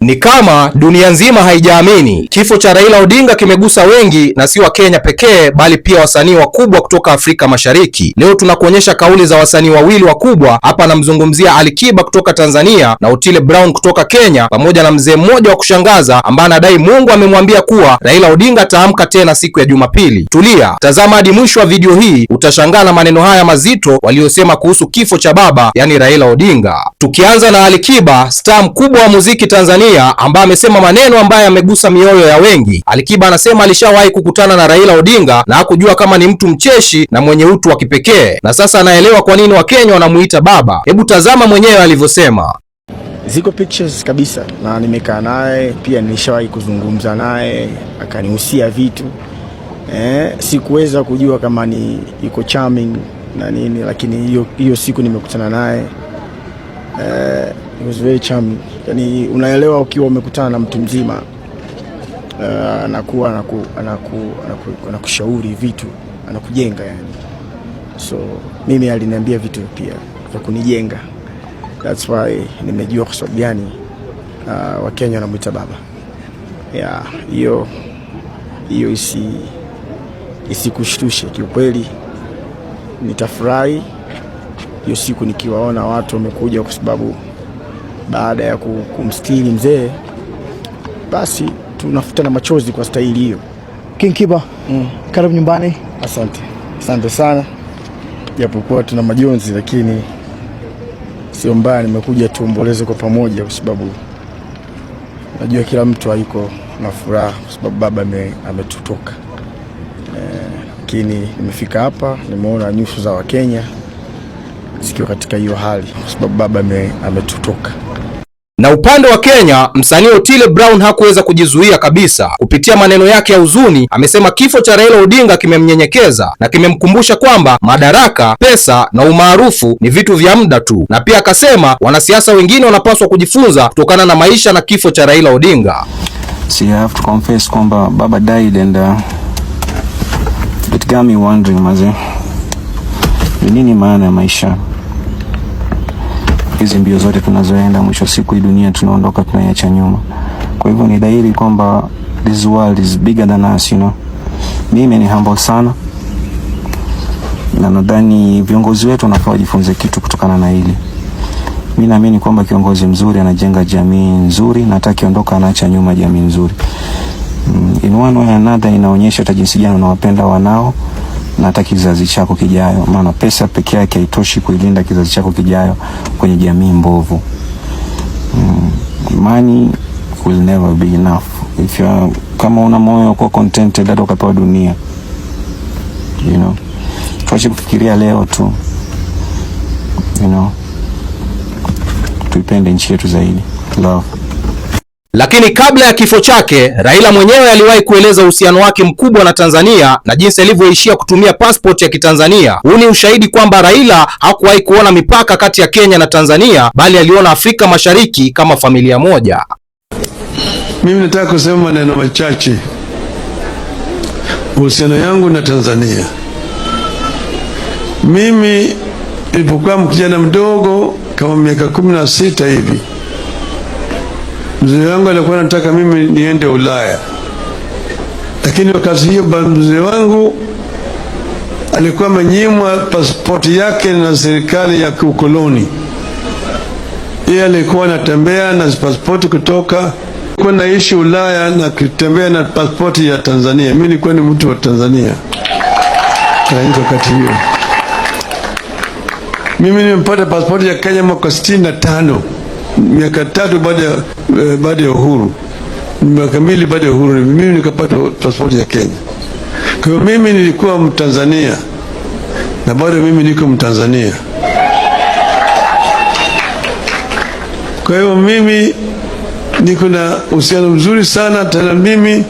Ni kama dunia nzima haijaamini. Kifo cha Raila Odinga kimegusa wengi, na si Wakenya pekee, bali pia wasanii wakubwa kutoka Afrika Mashariki. Leo tunakuonyesha kauli za wasanii wawili wakubwa. Hapa anamzungumzia Alikiba kutoka Tanzania na Otile Brown kutoka Kenya, pamoja na mzee mmoja wa kushangaza ambaye anadai Mungu amemwambia kuwa Raila Odinga ataamka tena siku ya Jumapili. Tulia, tazama hadi mwisho wa video hii, utashangaa na maneno haya mazito waliosema kuhusu kifo cha baba, yani Raila Odinga. Tukianza na Alikiba, star mkubwa wa muziki Tanzania Tanzania ambaye amesema maneno ambayo amegusa mioyo ya wengi. Alikiba anasema alishawahi kukutana na Raila Odinga na hakujua kama ni mtu mcheshi na mwenye utu wa kipekee, na sasa anaelewa kwa nini Wakenya wanamuita baba. Hebu tazama mwenyewe alivyosema. Ziko pictures kabisa, na nimekaa naye pia, nilishawahi kuzungumza naye, akanihusia vitu eh, sikuweza kujua kama ni yuko charming na nini, lakini hiyo hiyo siku nimekutana naye eh, It was very charming. Yani, unaelewa ukiwa umekutana na mtu mzima uh, anakuwa anakushauri anaku, anaku, anaku vitu anakujenga yani. So mimi aliniambia vitu pia vya kunijenga, that's why nimejua kwa sababu gani uh, Wakenya wanamwita baba. Hiyo hiyo isi isikushtushe kiukweli, nitafurahi hiyo siku nikiwaona watu wamekuja kwa sababu baada ya kumstiri mzee, basi tunafuta na machozi kwa staili hiyo. King Kiba, mm. Karibu nyumbani. Asante, asante sana, japokuwa tuna majonzi, lakini sio mbaya. Nimekuja tuomboleze kwa pamoja, kwa sababu najua kila mtu aiko na furaha, kwa sababu baba ametutoka e, lakini nimefika hapa, nimeona nyuso za Wakenya zikiwa katika hiyo hali, kwa sababu baba ametutoka. Na upande wa Kenya, msanii Otile Brown hakuweza kujizuia kabisa. Kupitia maneno yake ya huzuni, amesema kifo cha Raila Odinga kimemnyenyekeza na kimemkumbusha kwamba madaraka, pesa na umaarufu ni vitu vya muda tu, na pia akasema wanasiasa wengine wanapaswa kujifunza kutokana na maisha na kifo cha Raila Odinga. So you have to confess kwamba baba died and uh, it got me wondering maze, ni nini maana ya maisha? hizi mbio zote tunazoenda, mwisho wa siku hii dunia tunaondoka, tunaiacha nyuma. Kwa hivyo ni dhahiri kwamba this world is bigger than us, you know. Mimi ni humble sana na nadhani viongozi wetu wanafaa wajifunze kitu kutokana na hili. Mimi naamini kwamba kiongozi mzuri anajenga jamii nzuri na hata akiondoka anaacha nyuma jamii nzuri. Mm, in one way another, inaonyesha hata jinsi gani unawapenda wanao na hata kizazi chako kijayo, maana pesa peke yake haitoshi kuilinda kizazi chako kijayo kwenye jamii mbovu. Mm. Money will never be enough if you are, kama una moyo kwa contented, hata ukapewa dunia you know. Tuache kufikiria leo tu you know, tuipende nchi yetu zaidi. Love. Lakini kabla ya kifo chake, Raila mwenyewe aliwahi kueleza uhusiano wake mkubwa na Tanzania na jinsi alivyoishia kutumia passport ya Kitanzania. Huu ni ushahidi kwamba Raila hakuwahi kuona mipaka kati ya Kenya na Tanzania, bali aliona Afrika Mashariki kama familia moja. Mimi nataka kusema maneno machache uhusiano yangu na Tanzania. Mimi nilipokuwa mkijana mdogo kama miaka kumi na sita hivi Mzee wangu alikuwa anataka mimi niende Ulaya, lakini wakati hiyo mzee wangu alikuwa amenyimwa pasipoti yake na serikali ya kiukoloni Yeye alikuwa anatembea na pasipoti kutoka kwa naishi Ulaya na kitembea na pasipoti ya Tanzania. Mimi nilikuwa ni mtu wa Tanzania wakati hiyo. Mimi nimepata pasipoti ya Kenya mwaka sitini na tano miaka tatu eh, baada ya uhuru, miaka mbili baada ya uhuru, mimi nikapata pasipoti ya Kenya. Kwa hiyo mimi nilikuwa Mtanzania na bado mimi niko Mtanzania. Kwa hiyo mimi niko na uhusiano mzuri sana tena, mimi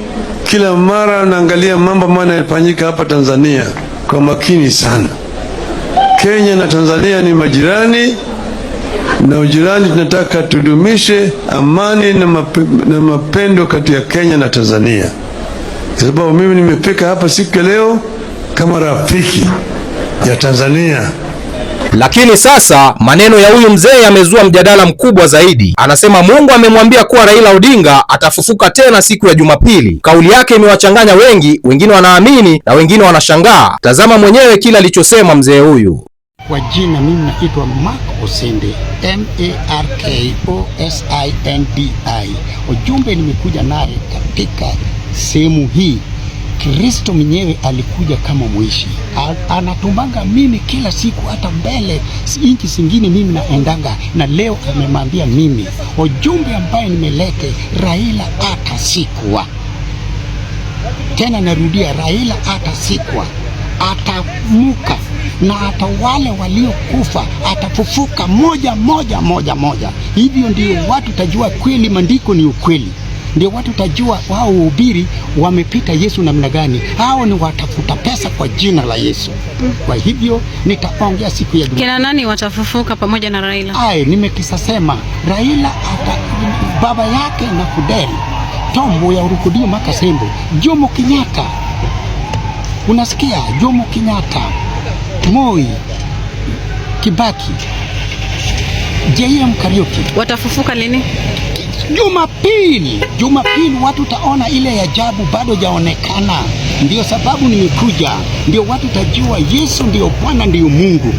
kila mara naangalia mambo ambayo yanafanyika hapa Tanzania kwa makini sana. Kenya na Tanzania ni majirani na ujirani. Tunataka tudumishe amani na, map na mapendo kati ya Kenya na Tanzania, kwa sababu mimi nimefika hapa siku ya leo kama rafiki ya Tanzania. Lakini sasa maneno ya huyu mzee yamezua mjadala mkubwa zaidi. Anasema Mungu amemwambia kuwa Raila Odinga atafufuka tena siku ya Jumapili. Kauli yake imewachanganya wengi, wengine wanaamini na wengine wanashangaa. Tazama mwenyewe kile alichosema mzee huyu. Kwa jina mimi naitwa Mark osende M A R K O S I N D I. Ujumbe nimekuja naye katika sehemu hii, Kristo mwenyewe alikuja kama mwishi, anatumbanga mimi kila siku, hata mbele nchi zingine mimi naendanga, na leo amemwambia mimi ujumbe ambaye nimelete, Raila atasikwa tena. Narudia, Raila atasikwa, atamuka na hata wale waliokufa atafufuka moja moja moja moja. Hivyo ndio watu tajua kweli maandiko ni ukweli, ndio watu tajua wao uhubiri wamepita Yesu namna gani. Hao ni watafuta pesa kwa jina la Yesu. Kwa hivyo nitaongea siku ya Jumatatu. Kina nani watafufuka pamoja na Raila? Ai, nimekisasema Raila ata baba yake na Fidel Tombo ya urukudio makasembo Jomo Kenyatta, unasikia Jomo Kenyatta Moi, Kibaki, JM Kariuki watafufuka lini? Jumapili, Jumapili watu taona ile ajabu bado jaonekana. Ndio sababu nimekuja, ndio watu tajua Yesu ndio Bwana, ndio Mungu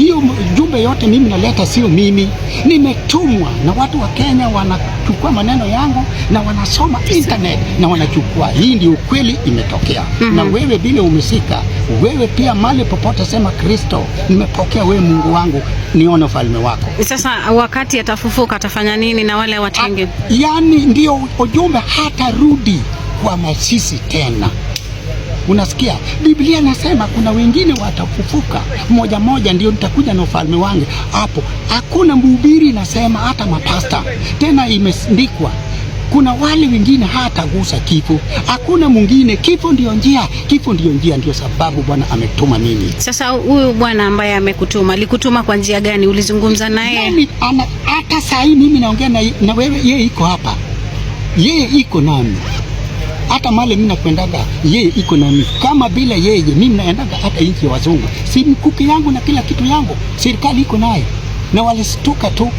hiyo jumbe yote mimi naleta, sio mimi, nimetumwa na watu wa Kenya. Wanachukua maneno yangu na wanasoma internet na wanachukua. Hii ndio ukweli imetokea. mm -hmm. Na wewe vile umesika wewe pia mali popote, sema Kristo, nimepokea wewe Mungu wangu, nione ufalme wako. Sasa wakati atafufuka atafanya nini na wale watenge? Ah, yani ndio ujumbe, hata rudi kwa masisi tena. Unasikia Biblia nasema kuna wengine watafufuka moja moja, ndio nitakuja na ufalme wangu. Hapo hakuna mhubiri, nasema hata mapasta tena, imesindikwa kuna wale wengine hatagusa kifo, hakuna mwingine. Kifo ndio njia, kifo ndio njia, ndio sababu Bwana ametuma mimi. Sasa huyu Bwana ambaye amekutuma alikutuma kwa njia gani? Ulizungumza naye? Hata saa hii mimi naongea na, na wewe, yeye iko hapa, yeye iko nami hata male mimi nakwendaga yeye iko na mimi kama bila yeye mimi naendaga hata nchi ya wazungu, si mkuki yangu na kila kitu yangu, serikali iko naye na walistuka tu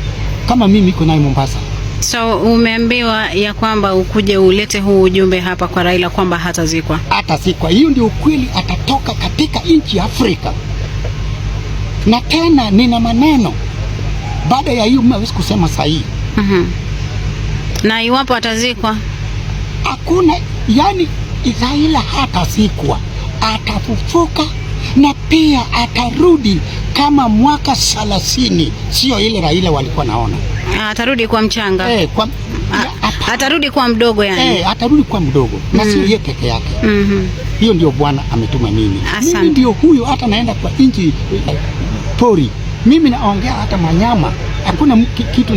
kama mimi iko naye Mombasa. So umeambiwa ya kwamba ukuje ulete huu ujumbe hapa kwa Raila kwamba hatazikwa, hatazikwa. Hiyo ndio ukweli, atatoka katika nchi ya Afrika. Na tena nina maneno baada ya hiyo, mimi kusema sahihi. mm -hmm. na iwapo atazikwa hakuna yaani hata sikwa atafufuka na pia atarudi kama mwaka thelathini, sio ile Raila walikuwa naona. Ah, atarudi kwa mchanga eh, kwa, ah, ya, atarudi kwa mdogo yani. Eh, atarudi kwa mdogo mm. na sio mm. yeye peke yake mm hiyo Ndio Bwana ametuma mimi, mimi ndio huyo, hata naenda kwa nchi eh, pori mimi naongea hata manyama, hakuna kitu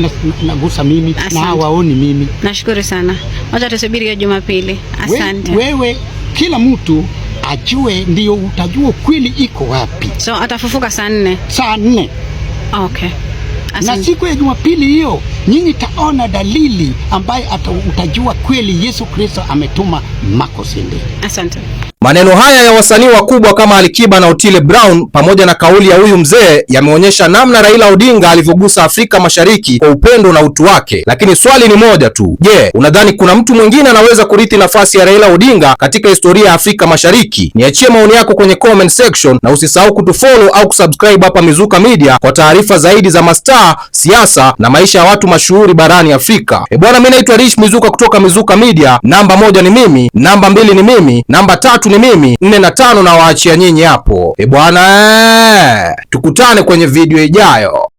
nagusa mimi Asante. na hawaoni mimi. Nashukuru sana, wacha tusubiri hiyo Jumapili. Asante wewe, wewe kila mtu ajue, ndio utajua kweli iko wapi. So atafufuka saa nne, saa nne. Okay. Asante. Na siku ya Jumapili hiyo nyinyi taona dalili ambayo utajua kweli Yesu Kristo ametuma Marcos. Asante. Maneno haya ya wasanii wakubwa kama Alikiba na Otile Brown pamoja na kauli ya huyu mzee yameonyesha namna Raila Odinga alivyogusa Afrika Mashariki kwa upendo na utu wake. Lakini swali ni moja tu. Je, yeah, unadhani kuna mtu mwingine anaweza kurithi nafasi ya Raila Odinga katika historia ya Afrika Mashariki? Niachie maoni yako kwenye comment section na usisahau kutufollow au kusubscribe hapa Mizuka Media kwa taarifa zaidi za mastaa, siasa na maisha ya watu mashuhuri barani Afrika. E bwana, mimi naitwa Rich Mizuka kutoka Mizuka Media. Namba moja ni mimi, namba mbili ni mimi, namba tatu ni mimi nne na tano, na waachia nyinyi hapo. E bwana, tukutane kwenye video ijayo.